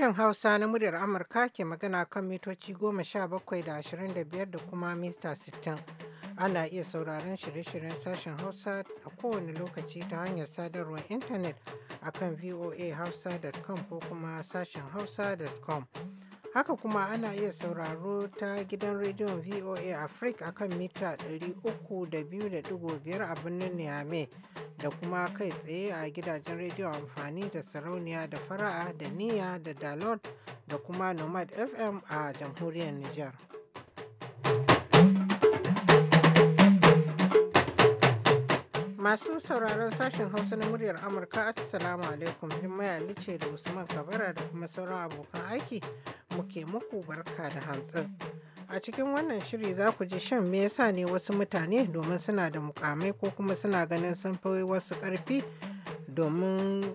Sashen Hausa na muryar Amurka ke magana kan mitoci goma sha bakwai da ashirin da biyar da kuma mita sittin. Ana iya sauraron shirye-shiryen sashen Hausa a kowane lokaci ta hanyar sadarwar intanet a kan voahausa.com ko kuma sashen hausa.com. Haka kuma ana iya sauraro ta gidan rediyon VOA Africa akan mita 300.5 a birnin Niamey da kuma kai tsaye a gidajen rediyo amfani da sarauniya da fara'a da niya da dalot da kuma nomad fm a jamhuriyar Nijar. Masu sauraron sashen Hausa na muryar Amurka, Assalamu alaikum, Himmaya Ali ce da Usman Kabara da kuma sauran abokan aiki. muke muku barka da hamsin. A cikin wannan shiri za ku ji shan me yasa ne wasu mutane domin suna da mukamai ko kuma suna ganin sun fi wasu ƙarfi domin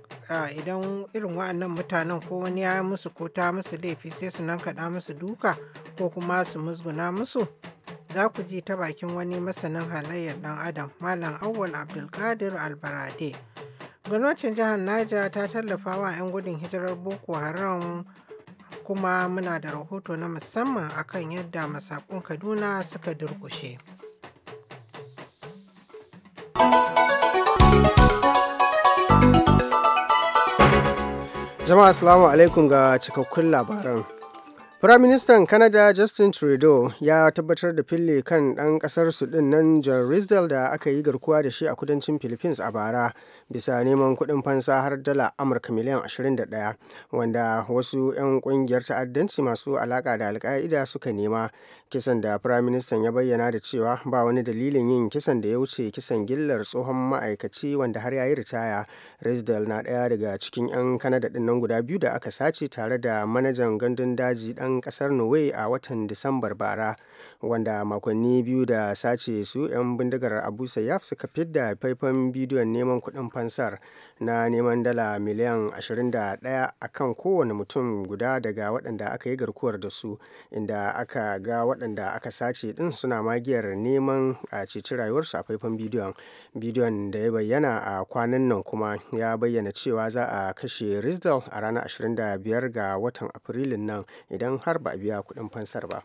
idan irin wa'annan mutanen ko wani ya musu ko ta musu laifi sai su nan kaɗa musu duka ko kuma su musguna musu. Za ku ji ta bakin wani masanin halayyar ɗan adam Malam Awwal Abdulkadir Albarade. Gwamnatin jihar Niger ta tallafa wa 'yan gudun hijirar Boko Haram kuma muna da rahoto na musamman akan yadda masakun Kaduna suka durkushe. Jama'a Assalamu alaikum ga cikakkun labaran. Firaministan Canada Justin Trudeau ya tabbatar da fili kan ɗan ƙasar su ɗin nan John da aka yi garkuwa da shi a kudancin Philippines a bara. bisa neman kuɗin fansa har dala amurka miliyan 21 wanda wasu 'yan ƙungiyar ta'addanci masu alaƙa da alka'ida suka nema kisan da firaministan ya bayyana da cewa ba wani dalilin yin kisan da ya wuce kisan gillar tsohon ma'aikaci wanda har yayi ritaya risdal na ɗaya daga cikin 'yan kanada ɗin nan guda biyu da aka sace tare da manajan gandun daji ɗan ƙasar norway a watan disambar bara wanda makonni biyu da sace su 'yan bindigar abu sayyaf suka fidda faifan bidiyon neman kuɗin fansar na neman dala miliyan 21 a kan kowane mutum guda daga waɗanda aka yi garkuwar da su inda aka ga waɗanda aka sace ɗin suna magiyar neman a ceci rayuwarsu a faifan bidiyon bidiyon da ya bayyana a kwanan nan kuma ya bayyana cewa za a kashe rizdal a ranar 25 ga watan afrilun nan idan har ba a biya kuɗin fansar ba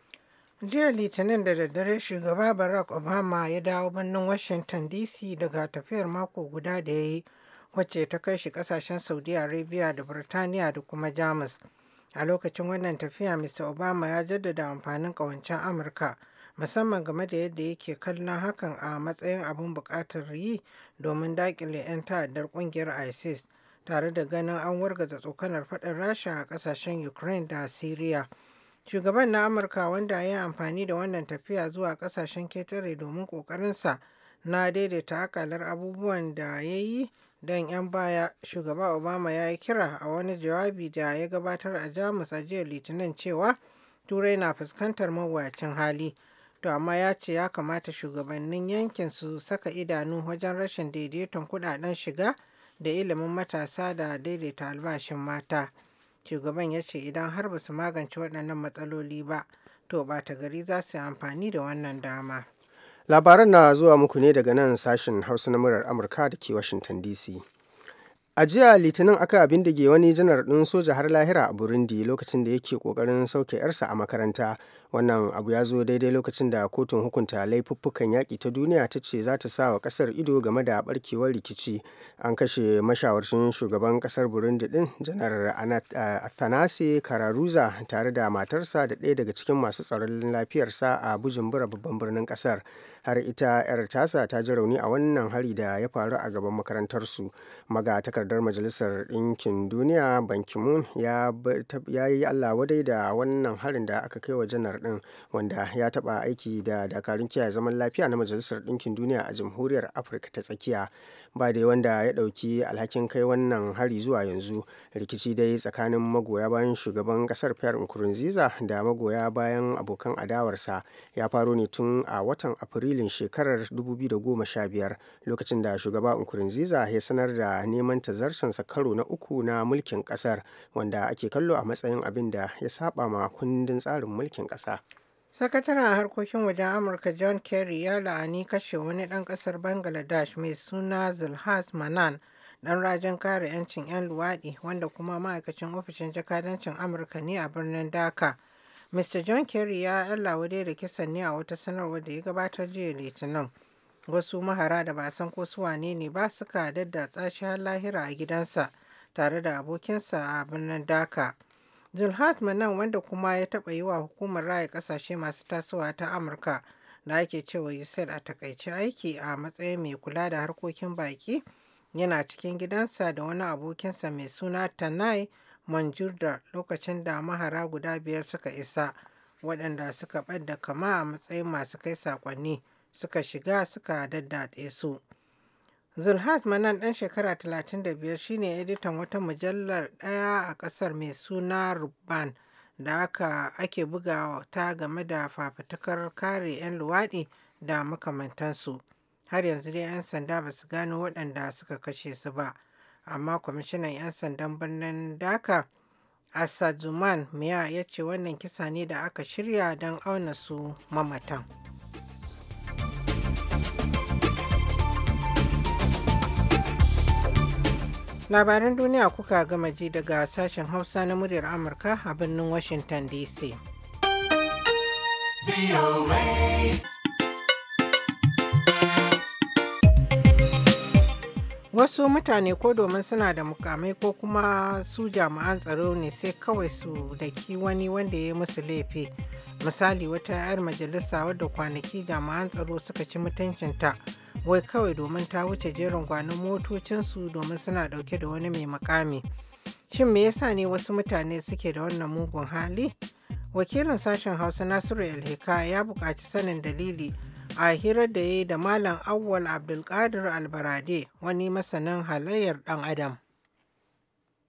Jiya Litinin da daddare Shugaba Barack Obama ya dawo birnin Washington DC daga tafiyar mako guda da ya yi wacce ta kai shi kasashen Saudi Arabia da Burtaniya da kuma Jamus. A lokacin wannan tafiya Mr. Obama ya jaddada amfanin ƙawancen Amurka musamman game da yadda yake kallon hakan a matsayin abin buƙatar yi domin daƙile 'yan ta'addar ƙungiyar ISIS tare da ganin an wargaza tsokanar faɗin Rasha a ƙasashen Ukraine da Syria. Shugaban na Amurka wanda ya yi amfani da wannan tafiya zuwa kasashen ketare domin ƙoƙarinsa na daidaita akalar abubuwan da ya yi don 'yan baya shugaba obama ya yi kira a wani jawabi da ya gabatar a jamus a jiya litinin cewa turai na fuskantar mawuyacin hali to amma ya ce ya kamata shugabannin yankin su saka idanu wajen rashin daidaiton kudaden shiga da ilimin matasa da daidaita albashin mata. Shugaban ya ce idan har ba su magance waɗannan matsaloli ba, to ɓata gari za su yi amfani da wannan dama. Labaran na zuwa muku ne daga nan sashen Hausa na murar Amurka da ke Washington DC. a jiya litinin aka bindige wani janar ɗin soja har lahira a burundi lokacin da yake ƙoƙarin sauke yarsa a makaranta wannan abu ya zo daidai lokacin da kotun hukunta laifuffukan yaƙi ta duniya ta ce za ta sa wa ƙasar ido game da ɓarkewar rikici an kashe mashawarcin shugaban ƙasar burundi din janar eh, athanase kararuza tare da matarsa da ɗaya daga cikin masu tsaron lafiyarsa a bujumbura babban birnin ƙasar har ita 'yar tasa ta ji rauni a wannan hari da ya faru a gaban makarantarsu maga takardar majalisar ɗinkin duniya banki ya yi allah wadai da wannan harin da aka kai wa janar ɗin wanda ya taɓa aiki da dakarun kiyaye zaman lafiya na majalisar ɗinkin duniya a jamhuriyar afirka ta tsakiya ba dai wanda ya ɗauki alhakin kai wannan hari zuwa yanzu rikici dai tsakanin magoya bayan shugaban ƙasar fiyar nkurunziza da magoya bayan abokan adawarsa ya faro ne tun a watan afrilun shekarar 2015 lokacin da shugaba nkurunziza ya sanar da neman tazarcinsa karo na uku na mulkin ƙasar wanda ake kallo a matsayin abin da ya saba ma kundin tsarin mulkin ƙasa. Sakataren harkokin wajen Amurka John Kerry ya la'ani kashe wani ɗan ƙasar Bangladesh mai suna Zulhas Manan ɗan rajin kare 'yancin 'yan luwaɗi wanda kuma ma'aikacin ofishin jakadancin Amurka ne a birnin Dhaka. Mr. John Kerry ya yallawa dai da kisan ne a wata sanarwar da ya gabatar jiya Litinin. Wasu mahara da ba san ko suwa ne ne ba suka daddatsa shi har lahira a gidansa tare da abokinsa a birnin Dhaka. Julhas Manan wanda kuma ya taba yi wa hukumar raya ƙasashe masu tasowa ta Amurka da ake cewa USAID a takaice aiki a matsayin mai kula da harkokin baki yana cikin gidansa da wani abokinsa mai suna Tanai Manjurda lokacin da mahara guda biyar suka isa waɗanda suka ɓadda kama a matsayin masu kai saƙonni suka shiga suka daddatse su. Zulhas Manan ɗan shekara 35 shine editan wata mujallar ɗaya a ƙasar mai suna Rubban da aka ake buga ta game da fafutukar kare 'yan luwaɗi da makamantansu. Har yanzu dai 'yan sanda ba su gano waɗanda suka kashe su ba, amma kwamishinan 'yan sandan birnin Dhaka Asad Zuman Miya ya ce wannan kisa ne da aka shirya don auna su mamatan. labaran duniya kuka gama ji daga sashen hausa na muryar amurka a birnin washington dc wasu mutane ko domin suna da mukamai ko kuma su jami'an tsaro ne sai kawai su daki wani wanda ya yi musu laifi misali wata 'yar majalisa wadda kwanaki jami'an tsaro suka ci mutuncinta wai kawai domin ta wuce jerin gwanin motocinsu domin suna ɗauke da wani mai makami. Shin me yasa ne wasu mutane suke da wannan mugun hali? Wakilin sashen Hausa Nasiru Elhika ya buƙaci sanin dalili a hirar da ya yi da Malam Awwal Abdulkadir Albarade wani masanin halayyar ɗan Adam.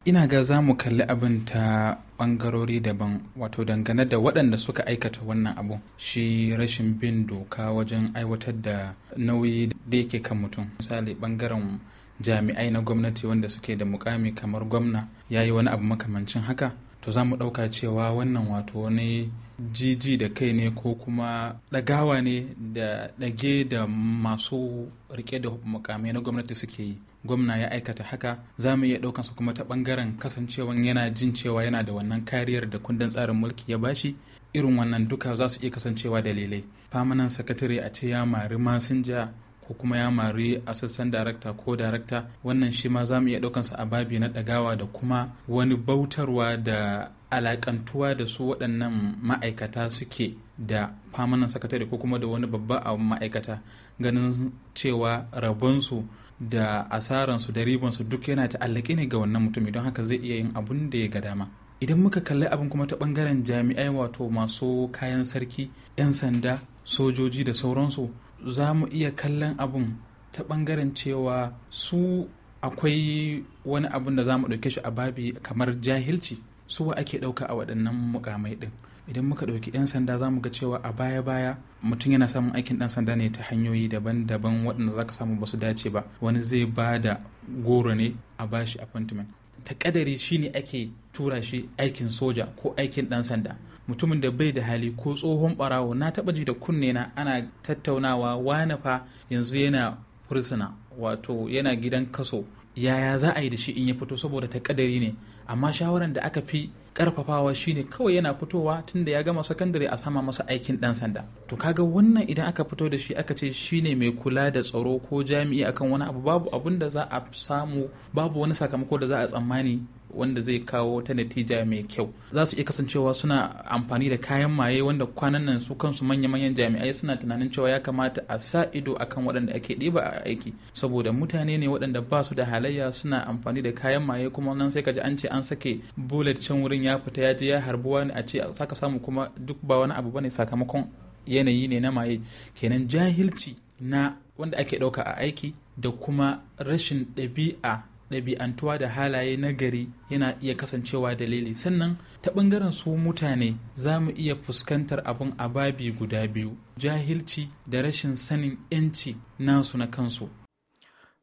ina ga za mu kalli abin ta bangarori daban wato dangane da waɗanda suka aikata wannan abu shi rashin bin doka wajen aiwatar da nauyi da yake kan mutum misali bangaren jami'ai na gwamnati wanda suke da mukami kamar gwamna ya yi wani abu makamancin haka to za mu ɗauka cewa wannan wato wani jiji da kai ne ko kuma ɗagawa ne da ɗage da masu rike da mukamai na gwamnati suke yi gwamna ya aikata haka za mu iya su kuma ta ɓangaren kasancewan yana jin cewa yana da wannan kariyar da kundin tsarin mulki ya bashi irin wannan duka za su iya kasancewa dalilai famanan sakatare a ce ya mari masinja ko kuma ya mari asassan darakta ko darakta wannan shi ma za mu iya ɗaukansa a babi na ɗagawa da kuma wani bautarwa da alakantuwa da su waɗannan ma'aikata suke da famanan sakatare ko kuma da wani babba a ma'aikata ganin cewa rabonsu da asaransu da ribansu duk yana ta'allake ne ga wannan mutumi don haka zai iya yin abun da ya ga dama idan muka kalli abin kuma ta bangaren jami'ai wato masu kayan sarki 'yan sanda sojoji da sauransu za mu iya kallon abun ta bangaren cewa su akwai wani abin da za mu ɗauke shi a babi kamar jahilci su wa ake ɗauka a waɗannan mukamai ɗin idan muka ɗauki 'yan sanda za mu ga cewa a baya-baya mutum yana samun aikin ɗan sanda ne ta hanyoyi daban-daban waɗanda za ka samu ba su dace ba wani zai ba da goro ne a bashi appointment ta kadari shine ake tura shi aikin soja ko aikin ɗan sanda mutumin da bai da hali ko tsohon ɓarawo na taɓa ji da kunne na ana tattaunawa wani fa yanzu yana fursuna wato yana gidan kaso yaya za a yi da shi in ya fito saboda ta kadari ne amma shawaran da aka fi karfafawa shine kawai yana fitowa tunda ya gama sakandare a sama masa aikin dan sanda to kaga wannan idan aka fito da shi aka ce shine mai kula da tsaro ko jami'i akan wani abu babu abun da za a samu babu wani sakamako da za a tsammani wanda zai kawo ta natija mai kyau za su iya kasancewa suna amfani da kayan maye wanda kwanan nan su kansu manya-manyan jami'ai suna tunanin cewa ya kamata a sa ido akan waɗanda ake ɗiba a aiki saboda mutane ne waɗanda ba su da halayya suna amfani da kayan maye kuma nan sai ka ji an ce an sake bullet can wurin ya fita ya je ya harbi wani a ce saka samu kuma duk ba wani abu bane sakamakon yanayi ne na maye kenan jahilci na wanda ake ɗauka a aiki da kuma rashin ɗabi'a ɗabi'antuwa da halaye na gari yana iya kasancewa dalili sannan ta ɓangaren su mutane za mu iya fuskantar abin ababi guda biyu jahilci da rashin sanin 'yanci nasu na kansu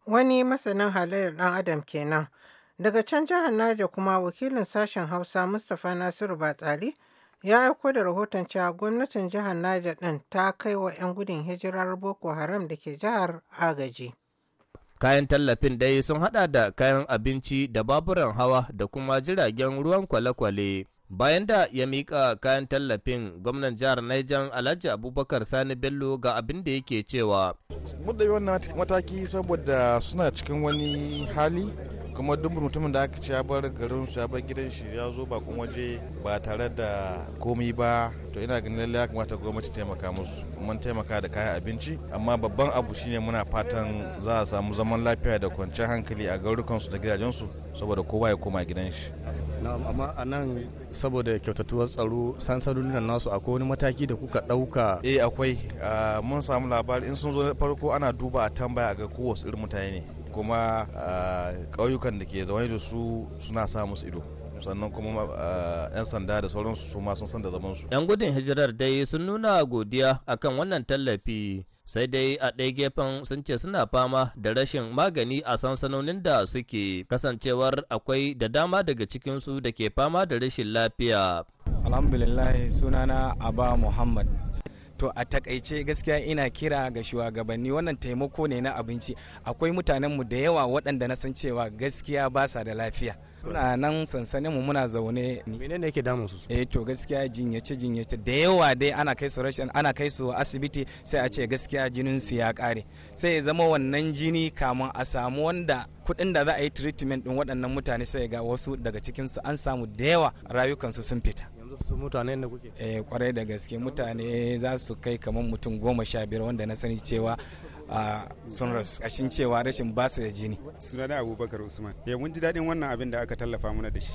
wani masanin halayyar ɗan adam kenan daga can jihar naja kuma wakilin sashen hausa mustapha nasiru batsali ya aiko da rahoton cewa gwamnatin jihar naja ɗin ta kai wa 'yan gudun hijirar boko haram da ke jihar agaji Kayan tallafin dai sun haɗa da kayan abinci da baburan hawa da kuma jiragen ruwan kwale-kwale. Bayan da ya mika kayan tallafin gwamnan jihar Niger Alhaji Abubakar Sani Bello ga abin da yake cewa. Mun da wannan mataki saboda suna cikin wani hali kuma duk mutumin da aka ce ya bar garin su ya bar gidan shi ya zo ba kuma waje ba tare da komai ba to ina ganin lallai ya kamata gwamnati taimaka musu mun taimaka da kayan abinci amma babban abu shine muna fatan za a samu zaman lafiya da kwanciyar hankali a su da gidajen su saboda kowa ya koma gidan shi amma a nan saboda kyautatuwar tsaro sansarorin nan nasu akwai wani mataki da kuka ɗauka eh akwai ah, mun samu labari in sun zo na farko ana duba a tambaya ga kowace irin mutane ne kuma ah, ƙauyukan da ke zaune da su suna sa musu ido sannan kuma 'yan ah, sanda da sauransu su ma sun san da zamansu 'yan gudun hijirar dai sun nuna godiya akan wannan tallafi sai dai a ɗaya gefen sun ce suna fama da rashin magani a sansanonin da suke kasancewar akwai da dama daga cikinsu da ke fama da rashin lafiya alhamdulillah sunana aba muhammad to a takaice gaskiya ina kira ga shugabanni wannan taimako ne na abinci akwai mutanenmu da yawa waɗanda na san cewa gaskiya ba sa da lafiya suna nan sansanin mu muna zaune menene yake damun su eh to gaskiya jinyace jinyace da yawa dai ana kai su rashin ana kai su asibiti sai a ce gaskiya jinin su ya kare sai ya zama wannan jini kamun a samu wanda kudin da za a yi treatment din waɗannan mutane sai ga wasu daga cikin su an samu da yawa rayukansu sun fita su mutane da kuke eh kwarai da gaske mutane za su kai kamar mutum goma sha biyar wanda na sani cewa ah, sun rasu kashin cewa rashin basu da jini Suna da abubakar usman eh mun ji daɗin wannan abin da aka tallafa mana da shi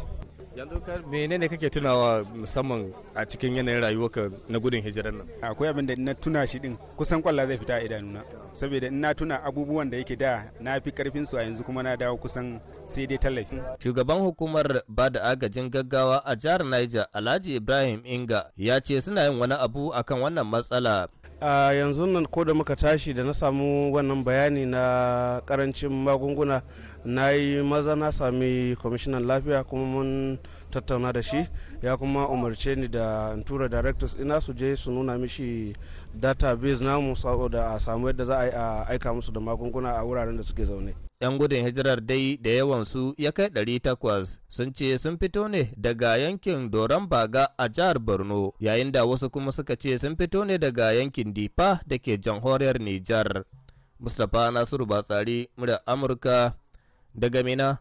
yanzu ka menene kake tunawa musamman a cikin yanayin rayuwarka na gudun hijirar nan akwai abin da na tuna shi din kusan kwalla zai fita a idanuna saboda in na tuna abubuwan da yake da na fi karfin su a yanzu kuma na dawo kusan sai dai tallafi shugaban hukumar ba da agajin gaggawa a jihar Niger Alhaji Ibrahim Inga ya ce suna yin wani abu akan wannan matsala a yanzu nan ko da muka tashi da na samu wannan bayani na karancin magunguna na yi maza na sami kwamishinan lafiya kuma mun tattauna da shi ya kuma umarce ni da tura directors ina su je su nuna mishi database namu saboda a samu yadda za a yi aika musu da magunguna a wuraren da suke zaune. 'Yan gudun hijirar dai da yawansu ya kai ɗari takwas sun ce sun fito ne daga yankin Doron Baga a jihar Borno yayin da wasu kuma suka ce sun fito ne daga yankin Difa da ke jamhuriyar Nijar. Mustapha Nasiru Batsari, murya Amurka daga Mina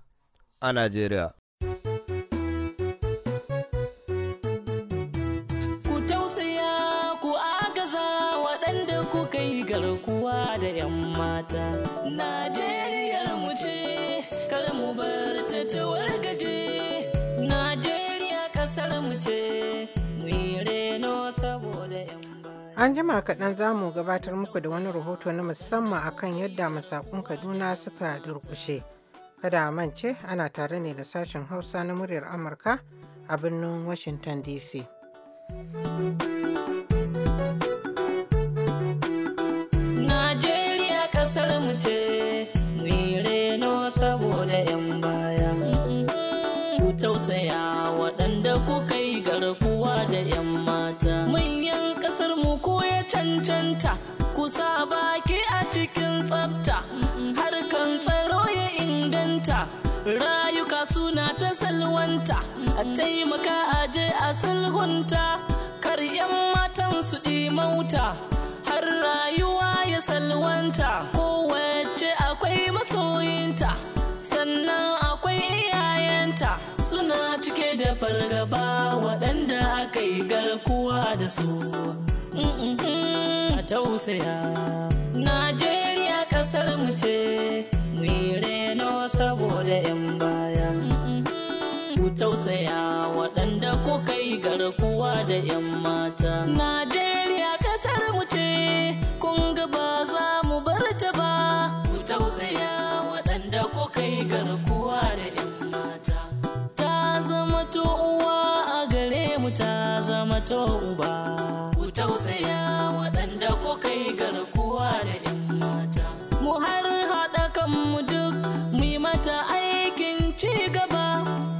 a Najeriya. mata mu ce kar ce mu an jima kaɗan za mu gabatar muku da wani rahoto na musamman akan yadda masakun kaduna suka durkushe kada mance ana tare ne da sashen hausa na muryar amurka a birnin washington dc kasar mu ce ni reno saboda yan baya ku tausaya waɗanda kuka yi garkuwa da yan mata manyan kasar mu ko ya cancanta kusa baki a cikin tsafta harkan tsaro ya inganta rayuka suna ta salwanta a taimaka aje a sulhunta kar 'yan matan su ɗi mauta da fargaba waɗanda aka yi garkuwa da su a tausaya najeriya ƙasar mu ce mu reno saboda 'yan baya ku tausaya waɗanda kuka yi garkuwa da 'yan mata uba ku tausaya waɗanda ko kai garkuwa da 'yan mata mu har haɗa kanmu duk mu yi mata aikin ci gaba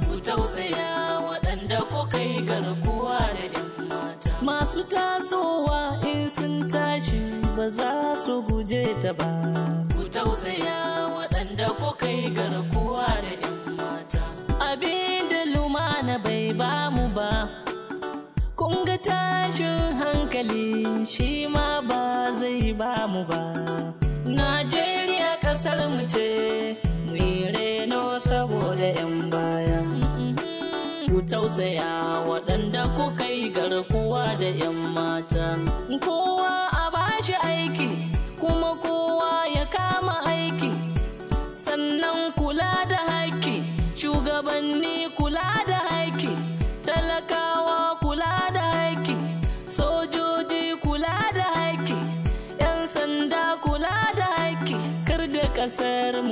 ku tausaya waɗanda ko kai garkuwa da 'yan mata masu tasowa in sun tashi ba za su guje ta ba ku tausaya waɗanda ko kai garkuwa da 'yan mata abin da lumana bai bamu ba ga tashin hankali shi ma ba zai ba mu ba. Najeriya ƙasar mu ce, mu reno saboda 'yan baya. Ku tausaya waɗanda kuka yi garkuwa da 'yan mata. Kowa a bashi aiki.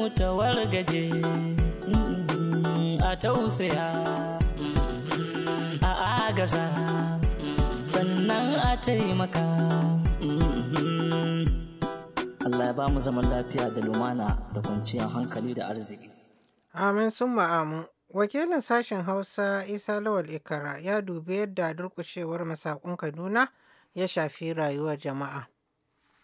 mu ta wargaje mm-hmm. a tausaya mm-hmm. a agaza mm-hmm. sannan a taimaka Allah ya ba mu zaman lafiya da lumana da kwanciyar hankali da arziki. Amin sun ma'amu. Wakilin sashen Hausa Isa Lawal Ikara ya dubi yadda durƙushewar masakun Kaduna ya shafi rayuwar jama'a.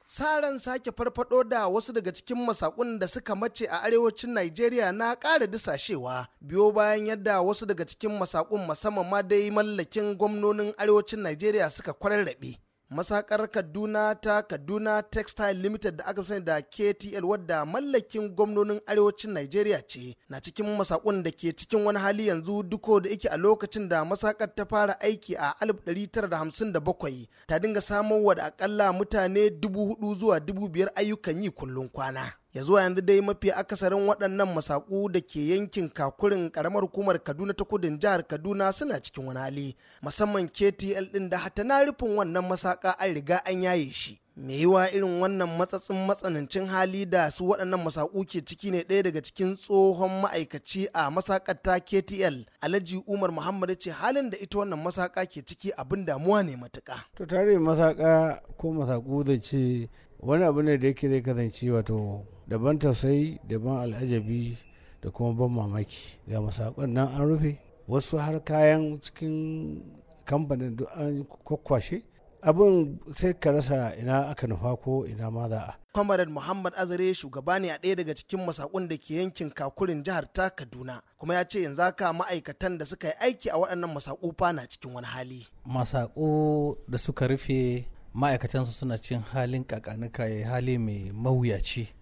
sa sake farfado da wasu daga cikin masakun da suka mace a arewacin Najeriya na ƙara disashewa biyo bayan yadda wasu daga cikin masakun musamman ma dai mallakin gwamnonin arewacin Najeriya suka kwararrabe. masakar kaduna ta kaduna textile limited da aka sani da ktl wadda mallakin gwamnonin arewacin nigeria ce na cikin masakun da ke cikin wani hali yanzu duko da yake a lokacin da masakar ta fara aiki a 1957 ta dinga samowa da akalla mutane 4,000 zuwa 5,000 ayyukan yi kullum kwana ya zuwa yanzu dai mafi akasarin waɗannan masaku da ke yankin kakurin ƙaramar hukumar kaduna ta kudin jihar kaduna suna cikin wani hali musamman ktl ɗin da hata rufin wannan masaka an riga an yaye shi me yiwa irin wannan matsatsin matsanancin hali da su waɗannan masaku ke ciki ne ɗaya daga cikin tsohon ma'aikaci a masaƙar ta ktl alhaji umar muhammad ce halin da ita wannan masaka ke ciki abin damuwa ne matuka. to tare masaka ko masaku da ce wani abu ne da yake zai kasance wato daban tausayi daban al'ajabi da kuma ban mamaki ga masakon nan an rufe wasu har kayan cikin kamfanin duk an kwakwashe abin sai ka rasa ina aka nufa ko ina ma za a. Kwamadar Muhammad Azare shugaba ne a ɗaya daga cikin masakun da ke yankin kakurin jihar ta Kaduna kuma ya ce yanzu haka ma'aikatan da suka yi aiki a waɗannan masaku na cikin wani hali. Masaku da suka rufe ma'aikatansu suna cikin halin kakanika ya hali mai mawuyaci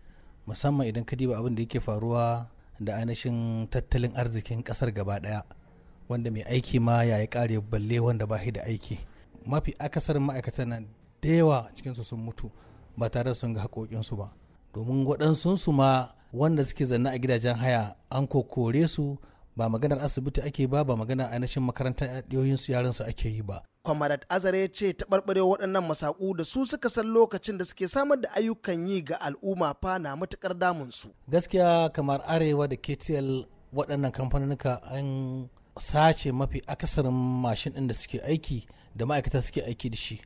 musamman idan ka diba abin da yake faruwa da ainihin tattalin arzikin kasar gaba daya wanda mai aiki ma ya yi kare balle wanda ba da aiki mafi akasar ma'aikatan nan da yawa cikinsu sun mutu ba tare da sun ga haƙoƙinsu ba domin waɗansunsu ma wanda suke zanna a gidajen haya an kokore su ba maganar asibiti ake ba ba magana ainihin makarantar yaɗoyin su yaran su ake yi ba Kwamarat Azare ya ce barbare waɗannan masaku da su suka san lokacin da suke samar da ayyukan yi ga al'umma fa na matuƙar su Gaskiya kamar Arewa da KTL waɗannan kamfanonika an sace mafi akasarin mashin ɗin da suke aiki da ma'aikata suke aiki da shi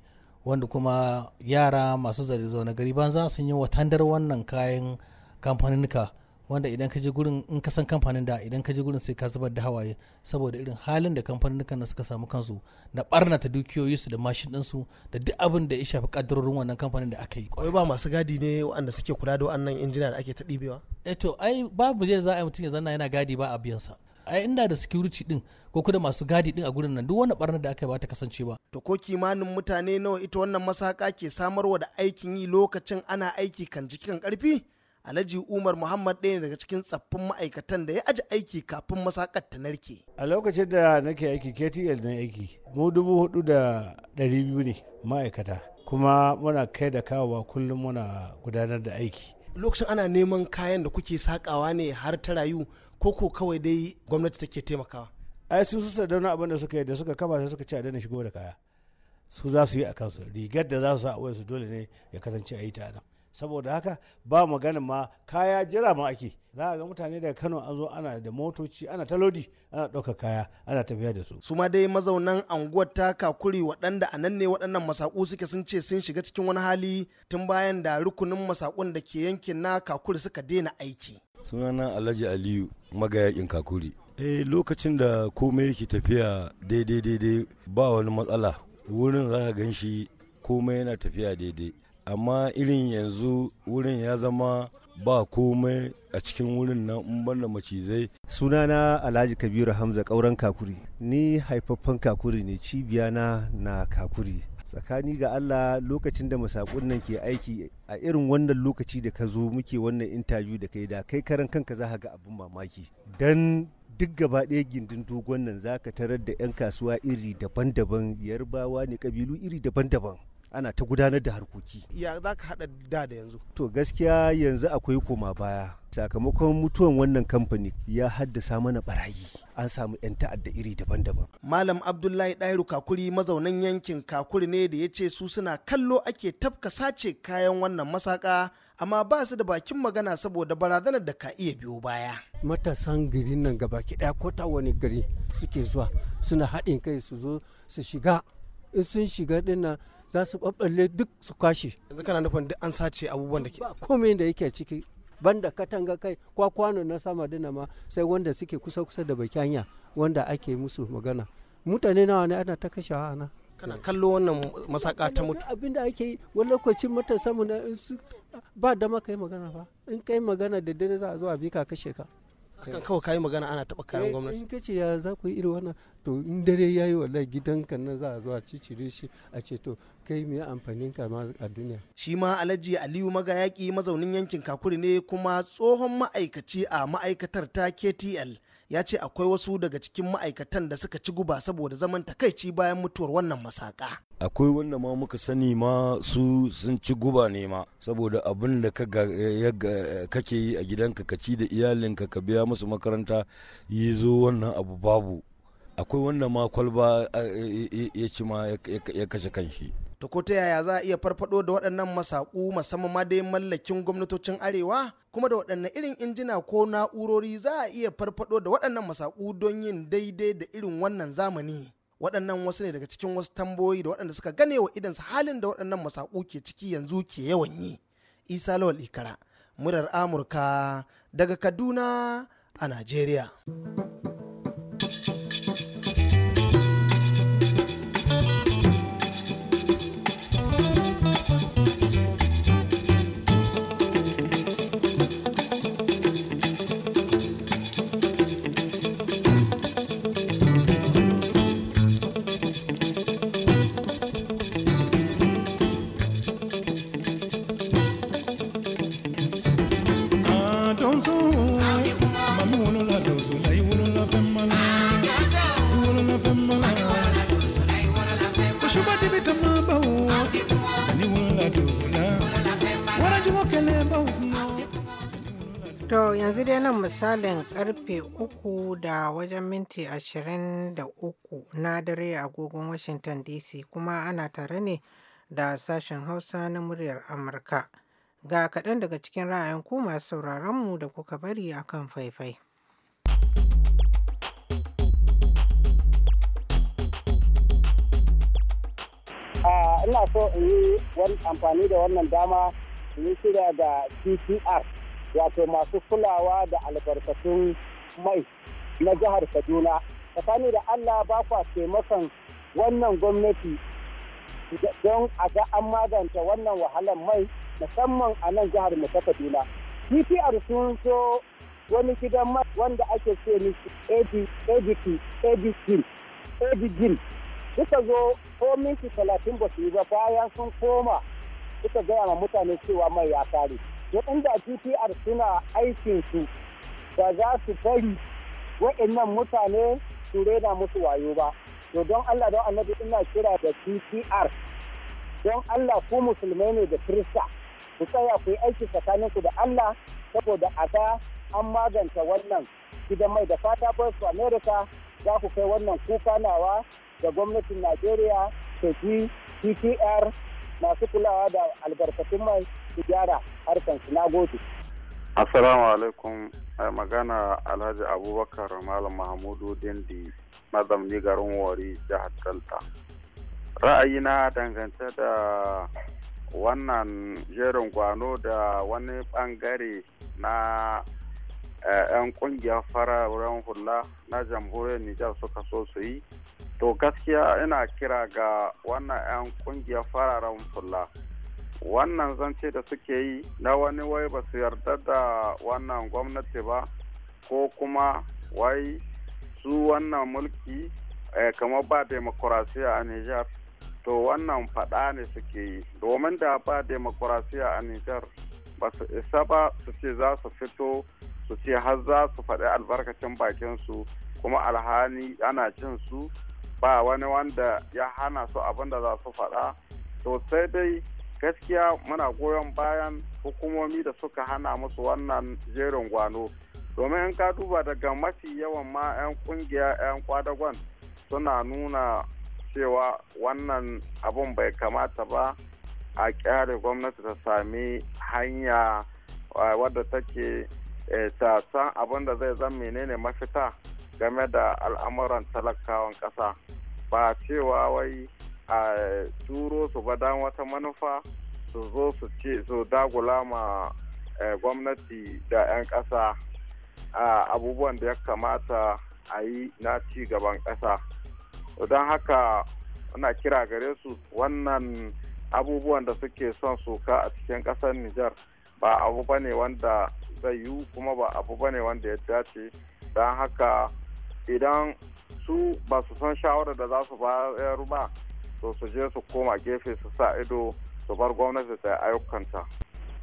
wanda kuma yara masu zare zaune gari banza sun yi watandar wannan kayan kamfaninka wanda idan ka je gurin in ka san kamfanin da idan ka je gurin sai ka zubar da hawaye saboda irin halin da kamfanin nan suka samu kansu na barnata dukiyoyi su da mashin ɗinsu da duk abin da ya shafi kaddarorin wannan kamfanin da aka yi kwai ba masu gadi ne waɗanda suke kula da wannan injina da ake ta ɗibewa eh to ai babu je za a yi mutum ya zanna yana gadi ba a biyan sa ai inda da security din ko kuma masu gadi din a gurin nan duk wani barnar da aka ba ta kasance ba to ko kimanin mutane nawa ita wannan masaka ke samarwa da aikin yi lokacin ana aiki kan jikin karfi Alhaji Umar Muhammad ɗaya daga cikin tsaffin ma'aikatan da ya aji aiki kafin masakar ta narke. A lokacin da nake aiki KTL na aiki mu dubu hudu da ɗari biyu ne ma'aikata kuma muna kai da kawowa kullum muna gudanar da aiki. Lokacin ana neman kayan da kuke sakawa ne har ta rayu ko ko kawai dai gwamnati take taimakawa. Ai sun su sadauna abin da suka yi da suka kama sai suka ce a daina shigo da kaya. Su za su yi a kansu rigar da za su sa a wayansu dole ne ya kasance a yi ta nan. saboda haka ba magana ma kaya jira ma ake za a ga mutane daga kano an zo ana da motoci ana talodi ana ɗauka kaya ana tafiya da su su ma dai mazaunan anguwar ta kakuri waɗanda a nan ne waɗannan masaku suke sun ce sun shiga cikin wani hali tun bayan da rukunin masakun da ke yankin na kakuri suka daina aiki sunana alhaji aliyu magayakin kakuri eh lokacin da komai yake tafiya daidai daidai ba wani matsala wurin za ka gan shi komai yana tafiya daidai amma irin yanzu wurin ya zama ba komai a cikin wurin nan in banda macizai sunana alhaji kabiru hamza kauren kakuri ni haifaffen kakuri ne cibiya na na kakuri tsakani ga allah lokacin da masakun nan ke aiki a irin wannan lokaci da ka zo muke wannan intabiyu da kai da kai karan kanka za ga abin mamaki dan duk gaba ɗaya gindin dogon nan za ka tarar da 'yan kasuwa iri daban-daban yarbawa ne kabilu iri daban-daban ana ta gudanar da harkoki ya za ka haɗa da da yanzu to gaskiya yanzu akwai koma baya sakamakon mutuwan wannan kamfani ya haddasa mana barayi an samu 'yan ta'adda iri daban-daban malam abdullahi ɗairu kakuri mazaunan yankin kakuri ne da ya ce su suna kallo ake tafka sace kayan wannan masaka amma ba su da bakin magana saboda barazanar da ka iya biyo baya matasan garin nan gaba ɗaya ko ta wani gari suke zuwa suna haɗin kai su zo su shiga in sun shiga nan. za su ɓaɓɓalle duk su kwashe yanzu kana nufin duk an sace abubuwan da ke ba komai da yake ciki banda katanga kai kwa kwano na sama dina ma sai wanda suke kusa kusa da baki hanya wanda ake musu magana mutane nawa ne ana ta kashe ana kana kallo wannan masaka ta mutu abin da ake yi wani lokacin matasa mu ba dama kai magana ba in kai magana da dare za a zo a bi ka kashe ka akan kawai kayi magana ana taɓa kayan eh, gwamnati in kace ya za ku yi irin wannan to in dare ya yi wallahi gidanka nan za a zo a cicire shi a ce to kai me amfanin ka ma a duniya shi ma alhaji aliyu magayaki mazaunin yankin kakuri ne kuma tsohon ma'aikaci a ma'aikatar ta ktl ya ce akwai wasu daga cikin ma'aikatan da suka ci guba saboda zaman takaici bayan mutuwar wannan masaka akwai wanda ma muka sani ma su sun ci guba ne ma saboda abin da kake yi a gidanka ka ci da iyalinka ka biya musu makaranta yi zo wannan abu babu akwai wanda ma kwalba ya ci ma ya kashe kanshi To ko ta yaya za a iya farfado da waɗannan masaku musamman ma dai mallakin gwamnatocin Arewa kuma da waɗannan irin injina ko na'urori za a iya farfado da waɗannan masaku don yin daidai da irin wannan zamani. Waɗannan wasu ne daga cikin wasu tambayoyi da waɗanda suka gane wa idansu halin da waɗannan masaku ke ciki yanzu ke yawan yi. Isa Lawal Ikara, murar Amurka daga Kaduna a Najeriya. misalin karfe uku da wajen minti ashirin da uku na dare a agogon Washington DC kuma ana tare ne da sashen Hausa na muryar Amurka. Ga kaɗan daga cikin ra'ayin ku masu sauraronmu da kuka bari a kan faifai. Ina so in yi amfani da wannan dama in yi shirya da TCR wato masu kulawa da albarkatun mai na jihar kaduna tsakani da allah ba kwa taimakon wannan gwamnati don a ga an maganta wannan wahalar mai musamman a nan jihar mu ta kaduna dpr sun so wani gidan mai wanda ake ce ni abc abc abc suka zo ko minti talatin ba su yi ba bayan sun koma suka gaya ma mutane cewa mai ya kare waɗanda GPR suna aikinsu ba za su bari waɗannan mutane su rena musu wayo ba. To don Allah don annabi ina kira da GPR don Allah ku musulmai ne da Kirista ku tsaya ku yi aiki tsakaninku da Allah saboda a ga an maganta wannan gidan mai da fata Voice of America za ku kai wannan kuka nawa da gwamnatin Najeriya ta ji GPR masu kulawa da albarkatun mai su gyara harkar su na gode. Assalamu alaikum magana Alhaji Abubakar Malam Mahmudu Dindi mazamni garin Wari jihar Delta. Ra'ayina dangance da wannan jerin gwano da wani bangare na eh, 'yan kungiyar fararen hula na jamhuriyar Nijar suka so su yi to gaskiya ina kira ga wannan 'yan kungiyar fararen fulla wannan zance da suke yi na wani wai ba su yarda da wannan gwamnati ba ko kuma wai su wannan mulki eh, kamar ba demokurasiya a Nijar to wannan faɗa ne suke yi domin da ba demokurasiya a Nijar ba su isa ba su ce za su fito su ce har za su faɗi albarkacin bakinsu kuma alhani ana cin su ba wani wanda ya hana su abin da za su faɗa to sai dai gaskiya muna goyon bayan hukumomi da suka hana musu wannan jerin gwano domin in ka duba daga mafi yawan ma 'yan kungiya 'yan kwadagon suna nuna cewa wannan abin bai kamata ba a kyare gwamnati ta sami hanya eh, wadda take eh, ta san abin da zai zan menene mafita game da al'amuran talakawan ƙasa ba cewa wai a turo su ba dan wata manufa su zo su ce su dagula ma eh, gwamnati da 'yan ƙasa abubuwan da ya kamata a yi na ci gaban ƙasa don haka ana kira gare su wannan abubuwan da suke son soka a cikin ƙasar nijar ba abu ba ne wanda zai yi kuma ba abu ba ne wanda ya dace don haka idan su ba su san shawarar da za su bayar ba to su je su koma gefe su sa ido su bar gwamnati ta ayyukanta.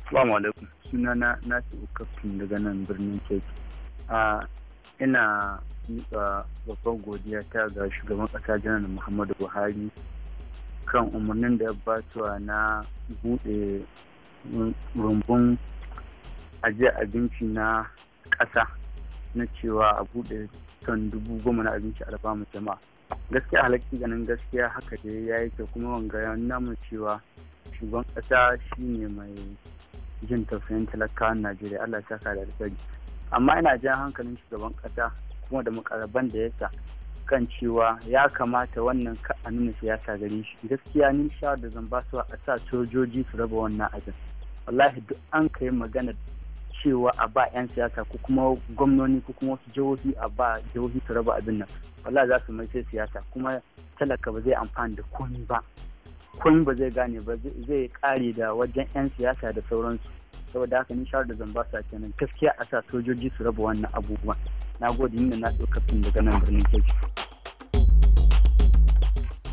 Salamu alaikum suna na nasi ukafin daga nan birnin keke. A ina miƙa babban godiya ta ga shugaban ƙasa janar Muhammadu Buhari kan umarnin da ya batuwa na buɗe rumbun ajiyar abinci na ƙasa na cewa a buɗe ton dubu goma na abinci alfa mu jama'a gaskiya halakki ganin gaskiya haka da ya yi kuma wanga ya namu cewa shugaban ƙasa shine mai jin tausayin talakawan najeriya allah ya saka da alfari amma ina jan hankalin shugaban ƙasa kuma da mukarraban da yasa kan cewa ya kamata wannan ka a nuna siyasa gare shi gaskiya ni sha da zan ba su a sa sojoji su raba wannan ajin. wallahi duk an kai magana cewa a ba 'yan siyasa ko kuma gwamnoni ko kuma wasu jihohi a ba jihohi su raba abin nan wala za su mai sai siyasa kuma talaka ba zai amfani da komi ba komi ba zai gane ba zai kare da wajen 'yan siyasa da sauransu saboda haka ni shawar da zan ba sa kenan gaskiya a sa sojoji su raba wannan abubuwa na gode ni da na fim daga nan birnin keji.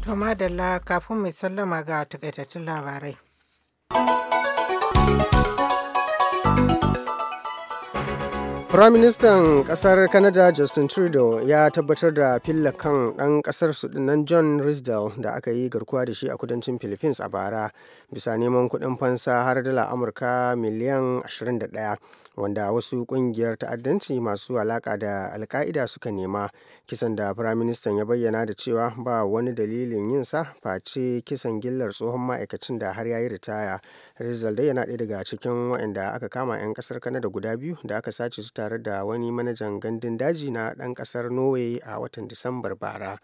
to madalla kafin mai sallama ga takaitattun labarai. Firaministan ƙasar kanada Justin Trudeau ya tabbatar da filla kan ɗan ƙasar sudanan John Risdale da aka yi garkuwa da shi a kudancin Philippines a bara bisa neman kuɗin fansa har dala Amurka miliyan 21 wanda wasu kungiyar ta'addanci masu alaka da alka'ida suka nema kisan da firaministan ya bayyana da cewa ba wani dalilin yinsa face kisan gillar tsohon ma'aikacin da har yayi ritaya rizal dai yana ɗaya daga cikin waɗanda aka kama 'yan ƙasar kanada guda biyu da aka sace su tare da wani manajan gandun daji na ɗan ƙasar norway a watan disambar bara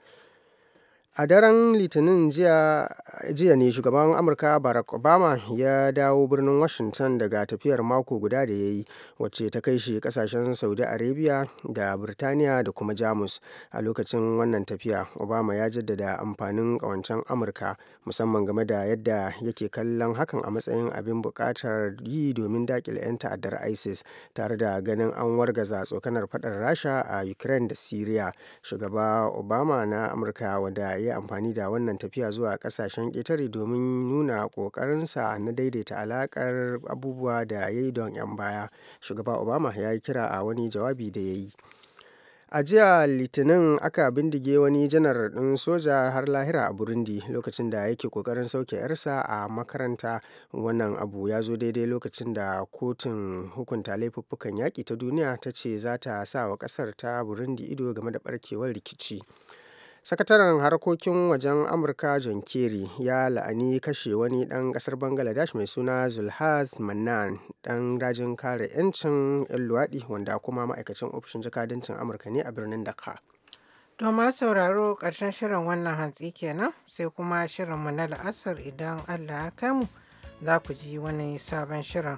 a daren litinin jiya ne shugaban amurka barack obama ya dawo birnin washington daga tafiyar mako guda da ya yi wacce ta kai shi kasashen saudi arabia da birtaniya da kuma jamus a lokacin wannan tafiya obama ya jaddada amfanin kawancen amurka musamman game da yadda yake kallon hakan a matsayin abin bukatar yi domin dakile 'yan ta'addar isis tare da ganin an wargaza tsokanar fadar rasha a ukraine da syria shugaba obama na amurka wanda ya amfani da wannan tafiya zuwa kasashen ƙetare domin nuna ƙoƙarinsa na daidaita alaƙar abubuwa da ya yi don 'yan baya shugaba obama ya yi kira a wani jawabi da ya yi a jiya litinin aka bindige wani janar ɗin soja har lahira a burundi lokacin da yake kokarin sauke yarsa a makaranta wannan abu ya zo daidai lokacin da kotun hukunta laifuffukan yaƙi ta duniya ta ce za ta sa wa ƙasar ta burundi ido game da ɓarkewar rikici sakataren harkokin wajen amurka john kerry ya la'ani kashe wani ɗan ƙasar bangladesh mai suna zulhaz mannan dan rajin kare 'yancin 'yan luwaɗi wanda kuma ma'aikacin ofishin jakadancin amurka ne a birnin dakka To ma sauraro ƙarshen shirin wannan hantsi kenan sai kuma shirin mu na la'asar idan Allah ya kai mu za ku ji wani sabon shirin.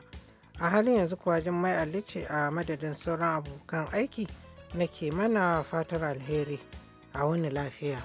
A halin yanzu kuwa jin mai alice a madadin sauran abokan aiki nake mana fatar alheri. en el lafiya.